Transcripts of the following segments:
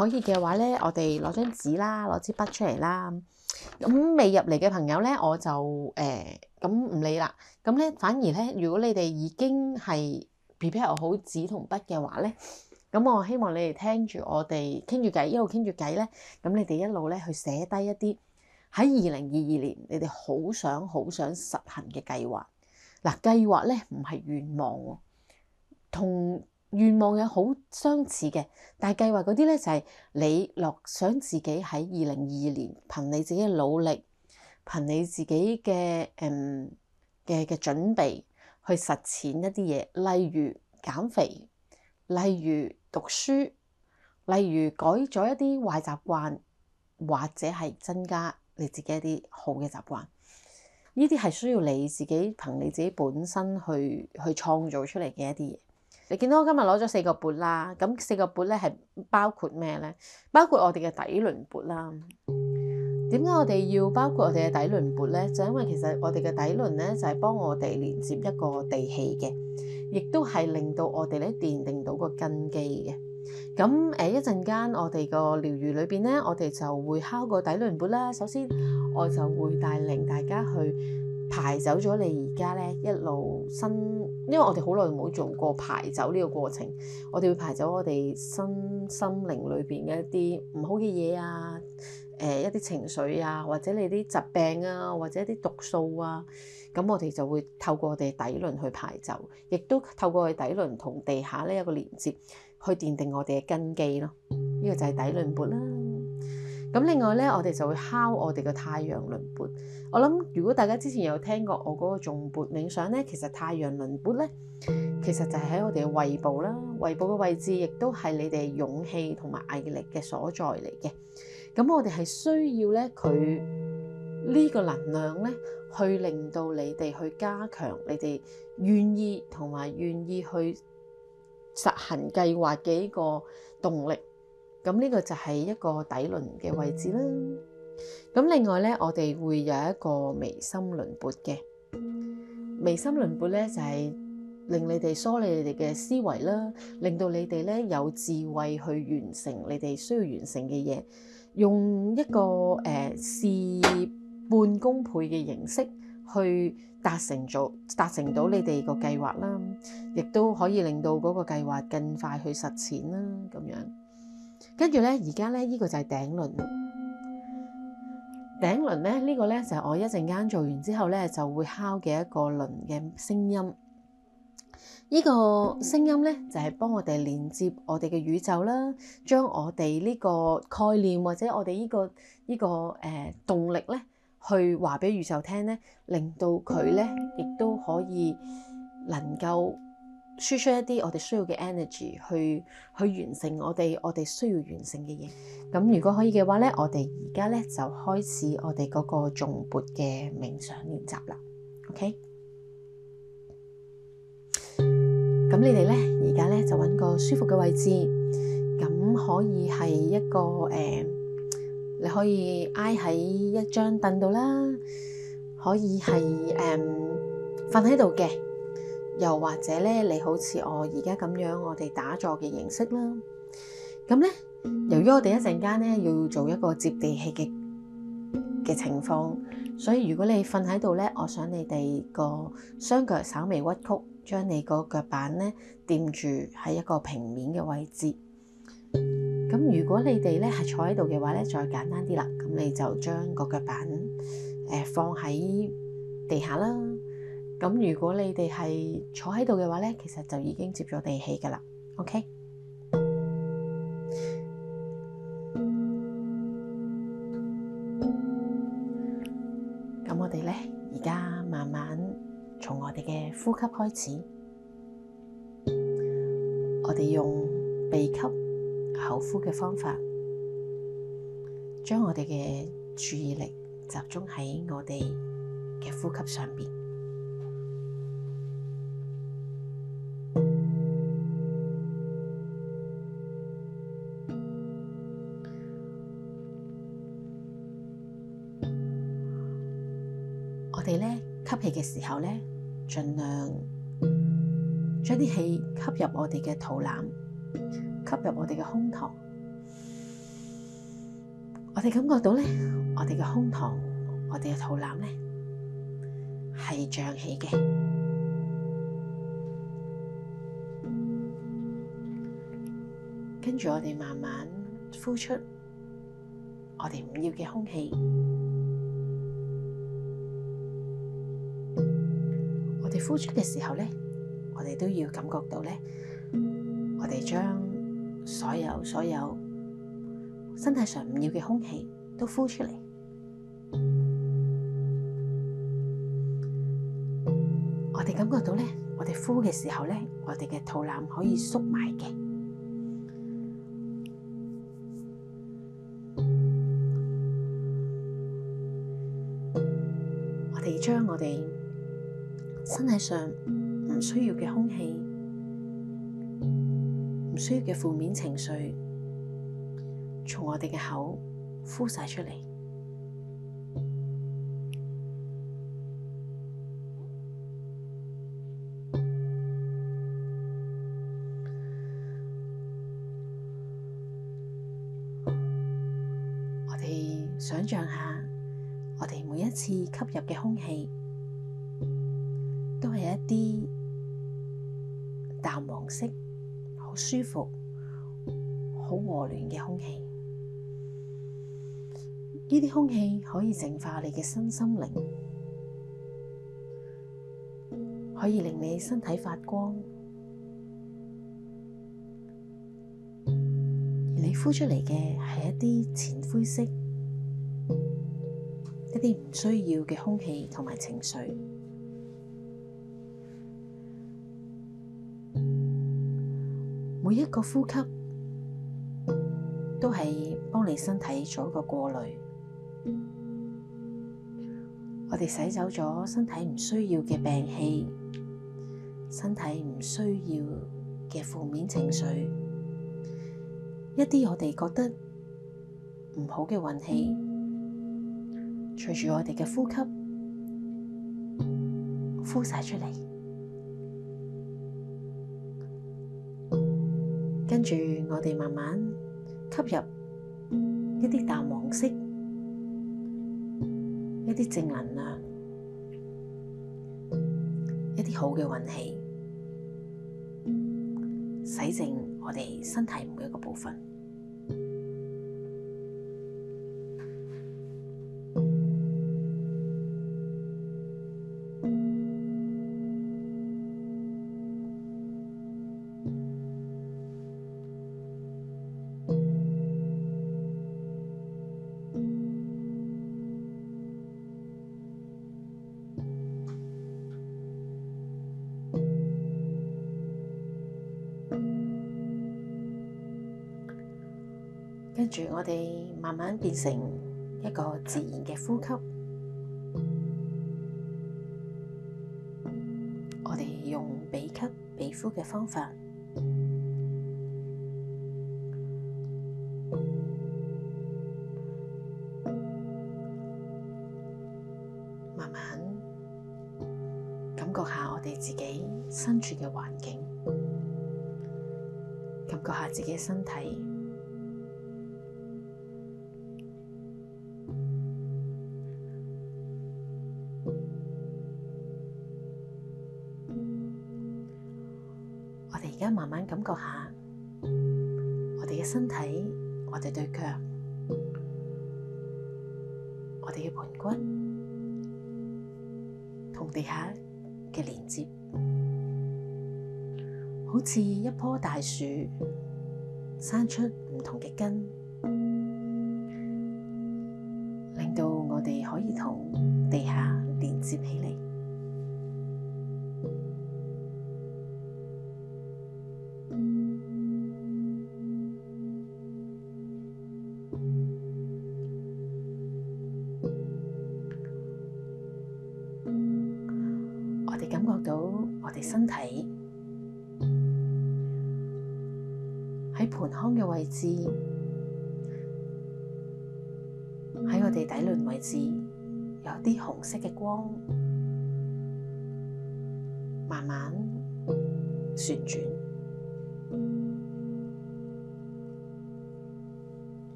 可以嘅話咧，我哋攞張紙啦，攞支筆出嚟啦。咁未入嚟嘅朋友咧，我就誒咁唔理啦。咁咧反而咧，如果你哋已經係 prepare 好紙同筆嘅話咧，咁我希望你哋聽住我哋傾住偈，一路傾住偈咧，咁你哋一路咧去寫低一啲喺二零二二年你哋好想好想實行嘅計劃。嗱，啊，計劃咧唔係願望，同，願望有好相似嘅，但係計劃嗰啲咧就係你落想自己喺二零二二年，憑你自己嘅努力，憑你自己嘅誒嘅嘅準備去實踐一啲嘢，例如減肥，例如讀書，例如改咗一啲壞習慣，或者係增加你自己一啲好嘅習慣。呢啲係需要你自己憑你自己本身去去創造出嚟嘅一啲嘢。你見到我今日攞咗四個缽啦，咁四個缽咧係包括咩咧？包括我哋嘅底輪缽啦。點解我哋要包括我哋嘅底輪缽咧？就因為其實我哋嘅底輪咧就係幫我哋連接一個地氣嘅，亦都係令到我哋咧奠定到個根基嘅。咁誒一陣間我哋個療愈裏邊咧，我哋就會敲個底輪缽啦。首先我就會帶領大家去。排走咗你而家呢一路新，因為我哋好耐冇做過排走呢個過程，我哋會排走我哋身心靈裏邊嘅一啲唔好嘅嘢啊，誒、呃、一啲情緒啊，或者你啲疾病啊，或者啲毒素啊，咁我哋就會透過我哋底輪去排走，亦都透過我哋底輪同地下呢一個連接，去奠定我哋嘅根基咯。呢、這個就係底輪波啦。咁另外咧，我哋就會敲我哋嘅太陽輪缽。我諗如果大家之前有聽過我嗰個頌缽冥想咧，其實太陽輪缽咧，其實就係喺我哋嘅胃部啦。胃部嘅位置亦都係你哋勇氣同埋毅力嘅所在嚟嘅。咁我哋係需要咧佢呢個能量咧，去令到你哋去加強你哋願意同埋願意去實行計劃嘅呢個動力。咁呢個就係一個底輪嘅位置啦。咁另外呢，我哋會有一個眉心輪缽嘅眉心輪缽呢，就係、是、令你哋梳理你哋嘅思維啦，令到你哋呢有智慧去完成你哋需要完成嘅嘢，用一個誒事、呃、半功倍嘅形式去達成咗達成到你哋個計劃啦，亦都可以令到嗰個計劃更快去實踐啦，咁樣。跟住咧，而家咧，呢個就係頂輪。頂輪咧，呢個咧就係我一陣間做完之後咧就會敲嘅一個輪嘅聲音。呢個聲音咧，就係幫我哋連接我哋嘅宇宙啦，將我哋呢個概念或者我哋呢個呢個誒動力咧，去話俾宇宙聽咧，令到佢咧亦都可以能夠，輸出一啲我哋需要嘅 energy 去去完成我哋我哋需要完成嘅嘢。咁如果可以嘅話咧，我哋而家咧就開始我哋嗰個頌缽嘅冥想練習啦。OK，咁你哋咧而家咧就揾個舒服嘅位置，咁可以係一個誒、呃，你可以挨喺一張凳度啦，可以係誒瞓喺度嘅。呃又或者咧，你好似我而家咁樣，我哋打坐嘅形式啦。咁咧，由於我哋一陣間咧要做一個接地氣嘅嘅情況，所以如果你瞓喺度咧，我想你哋個雙腳稍微屈曲，將你個腳板咧掂住喺一個平面嘅位置。咁如果你哋咧係坐喺度嘅話咧，再簡單啲啦，咁你就將個腳板誒、呃、放喺地下啦。咁如果你哋係坐喺度嘅話呢，其實就已經接咗地氣㗎喇。OK，咁我哋呢而家慢慢從我哋嘅呼吸開始，我哋用鼻吸口呼嘅方法，將我哋嘅注意力集中喺我哋嘅呼吸上面。嘅時候咧，盡量將啲氣吸入我哋嘅肚腩，吸入我哋嘅胸膛。我哋感覺到咧，我哋嘅胸膛、我哋嘅肚腩咧係脹起嘅。跟住我哋慢慢呼出我哋唔要嘅空氣。呼出嘅時候呢，我哋都要感覺到呢，我哋將所有所有身體上唔要嘅空氣都呼出嚟。我哋感覺到呢，我哋呼嘅時候呢，我哋嘅肚腩可以縮埋嘅。身體上唔需要嘅空氣，唔需要嘅負面情緒，從我哋嘅口呼晒出嚟。我哋想象下，我哋每一次吸入嘅空氣。啲淡黃色，好舒服，好和暖嘅空氣。呢啲空氣可以淨化你嘅身心靈，可以令你身體發光。而你呼出嚟嘅係一啲淺灰色，一啲唔需要嘅空氣同埋情緒。每一個呼吸都係幫你身體做一個過濾，我哋洗走咗身體唔需要嘅病氣，身體唔需要嘅負面情緒，一啲我哋覺得唔好嘅運氣，隨住我哋嘅呼吸呼晒出嚟。跟住，我哋慢慢吸入一啲淡黃色、一啲正能量、一啲好嘅運氣，洗淨我哋身體每一個部分。我哋慢慢變成一個自然嘅呼吸，我哋用鼻吸鼻呼嘅方法，慢慢感覺下我哋自己身處嘅環境，感覺下自己身體。身體，我哋對腳，我哋嘅盤骨同地下嘅連接，好似一棵大樹生出唔同嘅根，令到我哋可以同地下連接起嚟。喺我哋底輪位置，有啲紅色嘅光慢慢旋轉。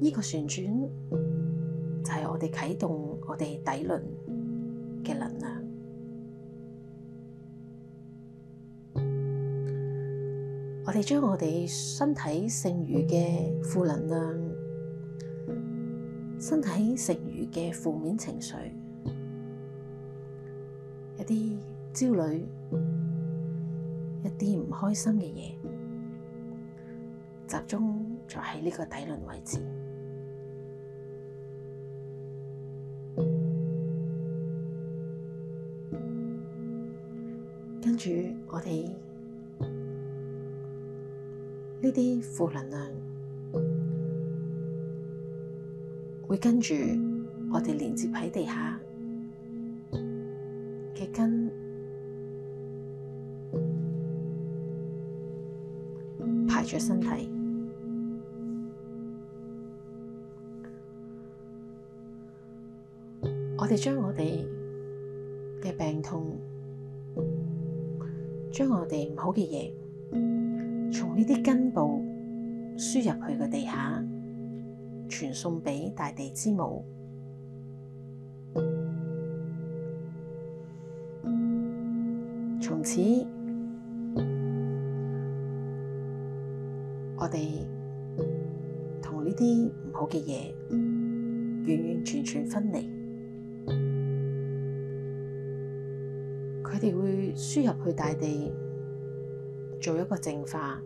呢個旋轉就係我哋啟動我哋底輪嘅能量。我哋將我哋身體剩餘嘅負能量、身體剩餘嘅負面情緒、一啲焦慮、一啲唔開心嘅嘢，集中咗喺呢個底輪位置，跟住我哋。呢啲負能量會跟住我哋連接喺地下嘅根，排出身體。我哋將我哋嘅病痛，將我哋唔好嘅嘢。呢啲根部輸入去個地下，傳送畀大地之母。從此，我哋同呢啲唔好嘅嘢完完全全分離。佢哋會輸入去大地。做一個淨化。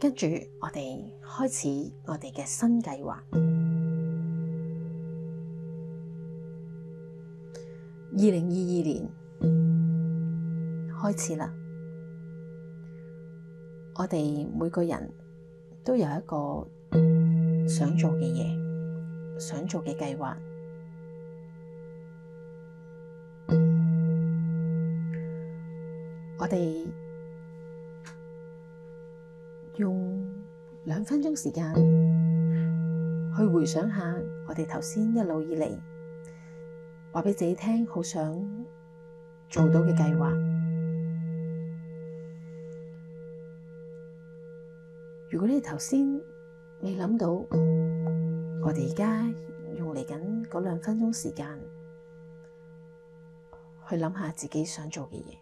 跟住，我哋開始我哋嘅新計劃。二零二二年開始啦，我哋每個人都有一個想做嘅嘢，想做嘅計劃。我哋。分鐘時間去回想下，我哋頭先一路以嚟話畀自己聽，好想做到嘅計劃。如果你頭先未諗到，我哋而家用嚟緊嗰兩分鐘時間去諗下自己想做嘅嘢。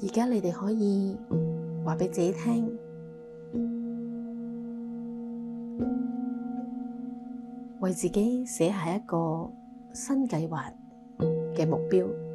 而家你哋可以話畀自己聽，為自己寫下一個新計劃嘅目標。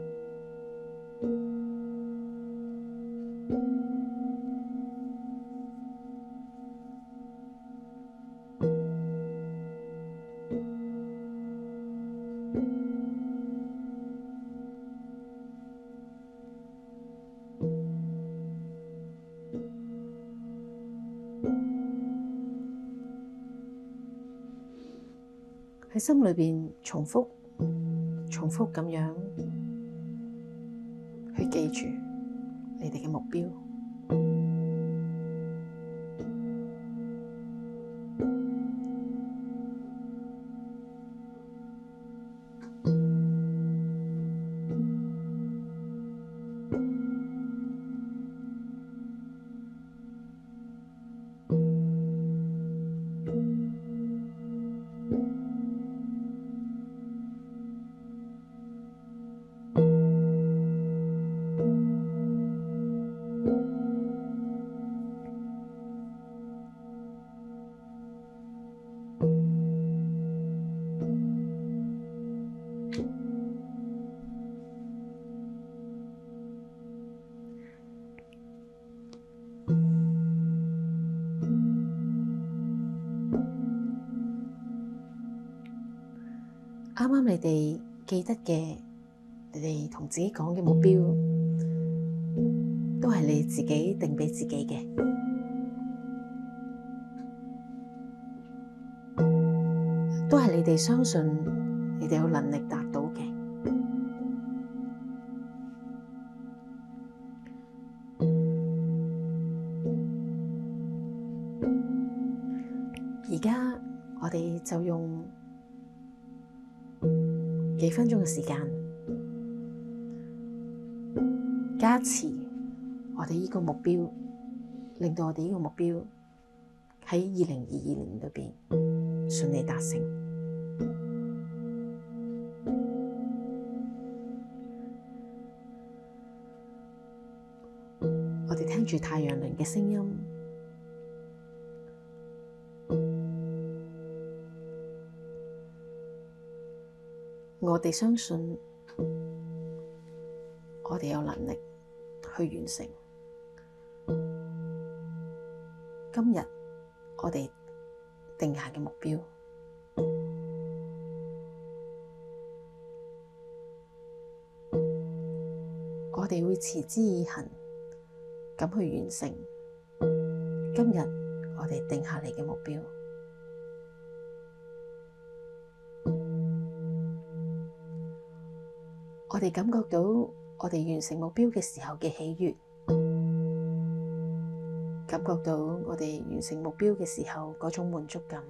心裏邊重複，重複咁樣去記住你哋嘅目標。啱啱你哋記得嘅，你哋同自己講嘅目標，都係你自己定俾自己嘅，都係你哋相信你哋有能力達。時間加持我哋呢個目標，令到我哋呢個目標喺二零二二年裏邊順利達成。我哋聽住太陽輪嘅聲音。我哋相信，我哋有能力去完成今日我哋定下嘅目標。我哋會持之以恒咁去完成今日我哋定下嚟嘅目標。我哋感覺到我哋完成目標嘅時候嘅喜悦，感覺到我哋完成目標嘅時候嗰種滿足感。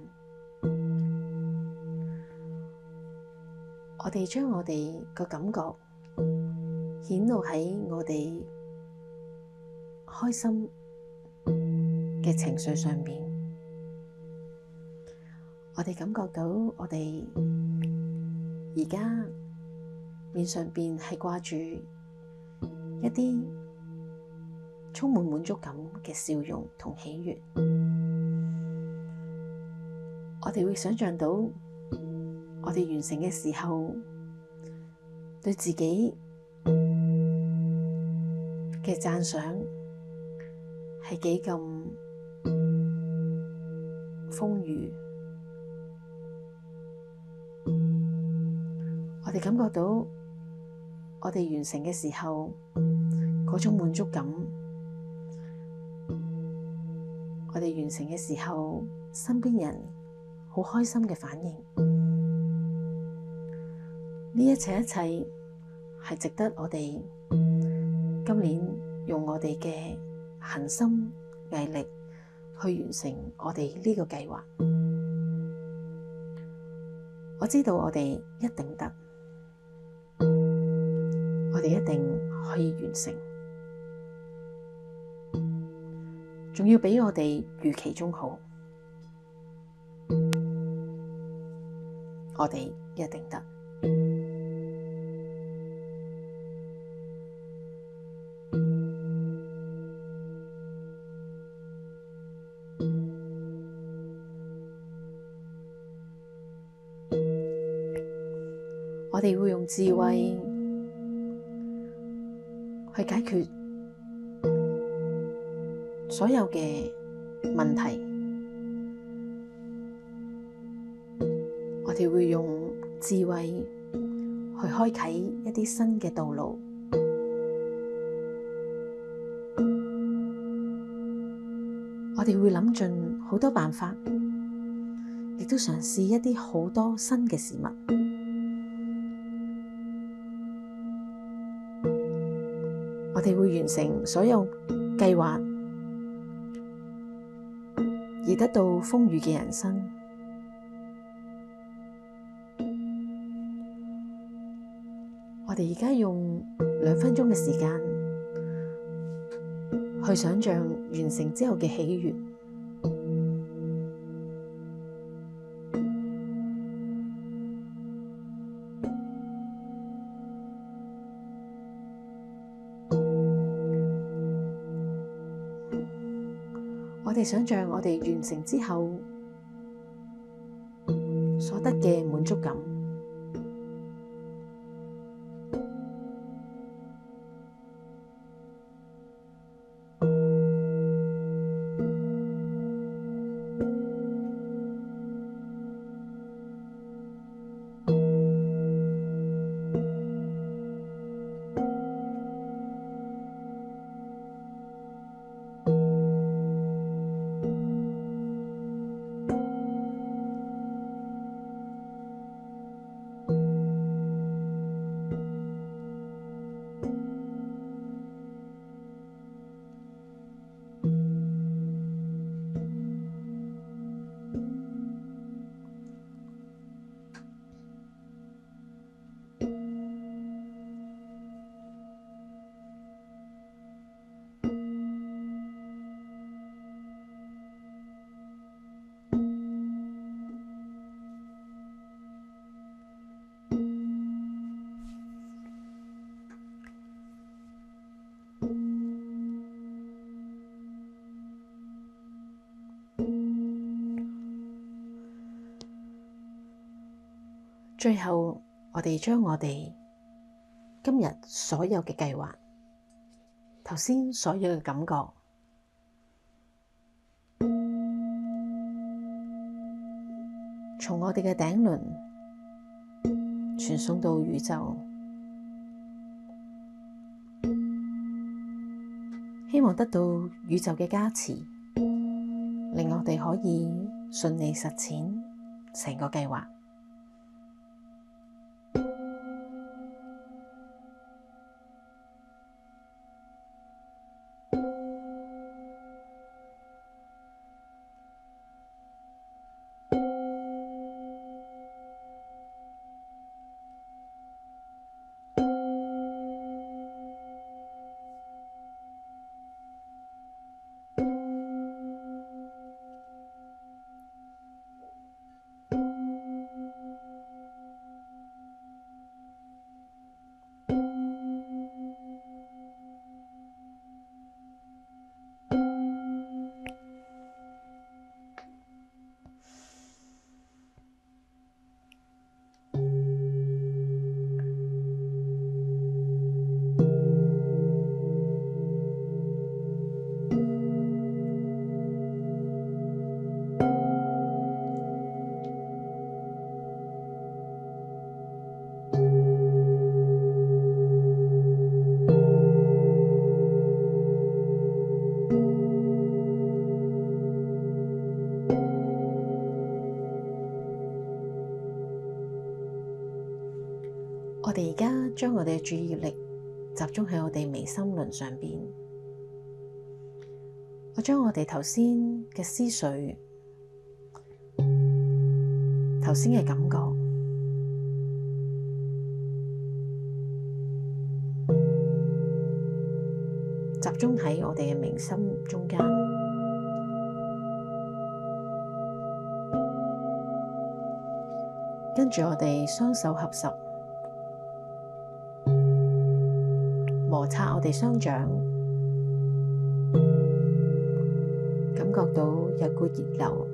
我哋將我哋嘅感覺顯露喺我哋開心嘅情緒上邊。我哋感覺到我哋而家。面上面係掛住一啲充滿滿足感嘅笑容同喜悅，我哋會想象到我哋完成嘅時候，對自己嘅讚賞係幾咁豐裕，我哋感覺到。我哋完成嘅時候，嗰種滿足感；我哋完成嘅時候，身邊人好開心嘅反應。呢一切一切係值得我哋今年用我哋嘅恆心毅力去完成我哋呢個計劃。我知道我哋一定得。你一定可以完成，仲要比我哋預期中好，我哋一定得。去解決所有嘅問題，我哋會用智慧去開啟一啲新嘅道路，我哋會諗盡好多辦法，亦都嘗試一啲好多新嘅事物。完成所有計劃，而得到豐盛嘅人生，我哋而家用兩分鐘嘅時間去想象完成之後嘅喜悅。我哋想象我哋完成之後所得嘅滿足感。最後，我哋將我哋今日所有嘅計劃，頭先所有嘅感覺，從我哋嘅頂輪傳送到宇宙，希望得到宇宙嘅加持，令我哋可以順利實踐成個計劃。而家將我哋嘅注意力集中喺我哋眉心輪上邊，我將我哋頭先嘅思緒、頭先嘅感覺，集中喺我哋嘅眉心中間，跟住我哋雙手合十。摩擦我哋雙掌，感覺到有一股熱流，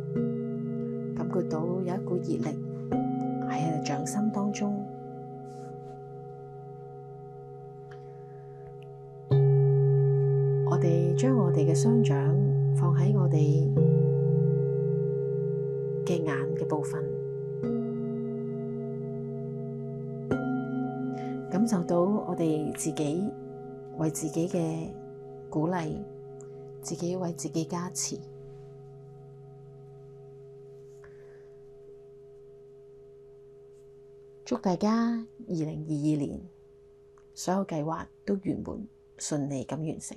感覺到有一股熱力喺掌心當中。我哋將我哋嘅雙掌放喺我哋嘅眼嘅部分，感受到我哋自己。為自己嘅鼓勵，自己為自己加持，祝大家二零二二年所有計劃都圓滿順利咁完成。